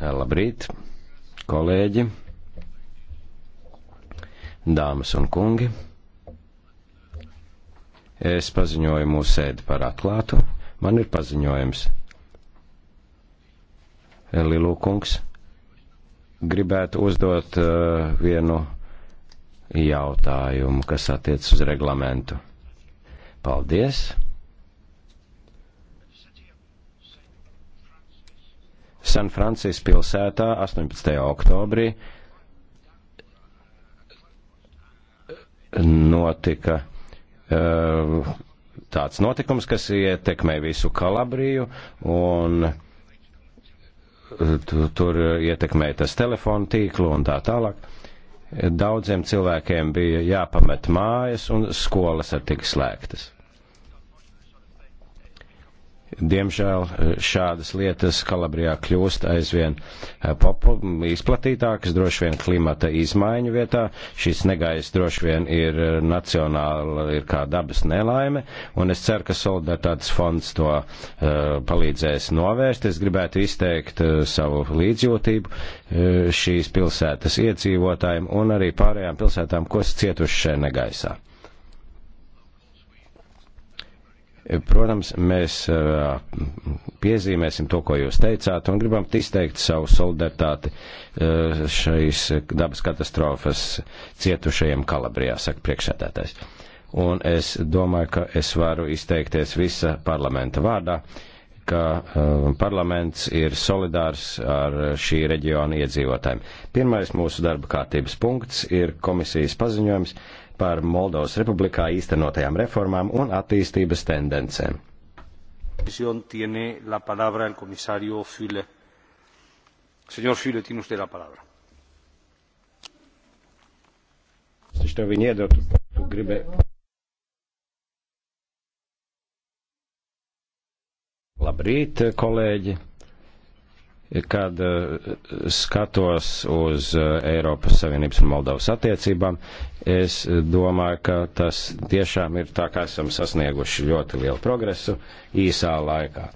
Eh, labrīt, kolēģi, dāmas un kungi. Es paziņoju mūsu sēdi par atklātu. Man ir paziņojums. Eh, Lilu kungs gribētu uzdot uh, vienu jautājumu, kas attiec uz reglamentu. Paldies! San Francis pilsētā 18. oktobrī notika eh, tāds notikums, kas ietekmē visu Kalabriju un eh, tur ietekmē tas telefonu tīklu un tā tālāk. Daudziem cilvēkiem bija jāpamet mājas un skolas ar tik slēgtas. Diemžēl eh, šādas lietas Kalabrijā kļūst aizvien eh, popu, izplatītākas, droši vien klimata izmaiņu vietā. Šis negaiss droši vien ir eh, nacionāla, ir kā dabas nelaime, un es ceru, ka solidaritātes fonds to uh, palīdzēs novērst. Es gribētu izteikt uh, savu līdzjūtību uh, šīs pilsētas iedzīvotājiem un arī pārējām pilsētām, kas cietuši šajā negaisā. Protams, mēs piezīmēsim to, ko jūs teicāt, un gribam izteikt savu solidaritāti šīs dabas katastrofas cietušajiem Kalabrijā, saka priekšsēdētājs. Un es domāju, ka es varu izteikties visa parlamenta vārdā ka um, parlaments ir solidārs ar šī reģiona iedzīvotājiem. Pirmais mūsu darba kārtības punkts ir komisijas paziņojums par Moldovas republikā īstenotajām reformām un attīstības tendencēm. Señor Füle, tiene usted la palabra. Es tev viņu iedot, tu gribēji. Labrīt, kolēģi! Kad eh, skatos uz eh, Eiropas Savienības un Moldovas attiecībām, es domāju, ka tas tiešām ir tā, kā esam sasnieguši ļoti lielu progresu īsā laikā.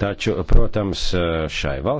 Taču, protams, eh, šai valsts.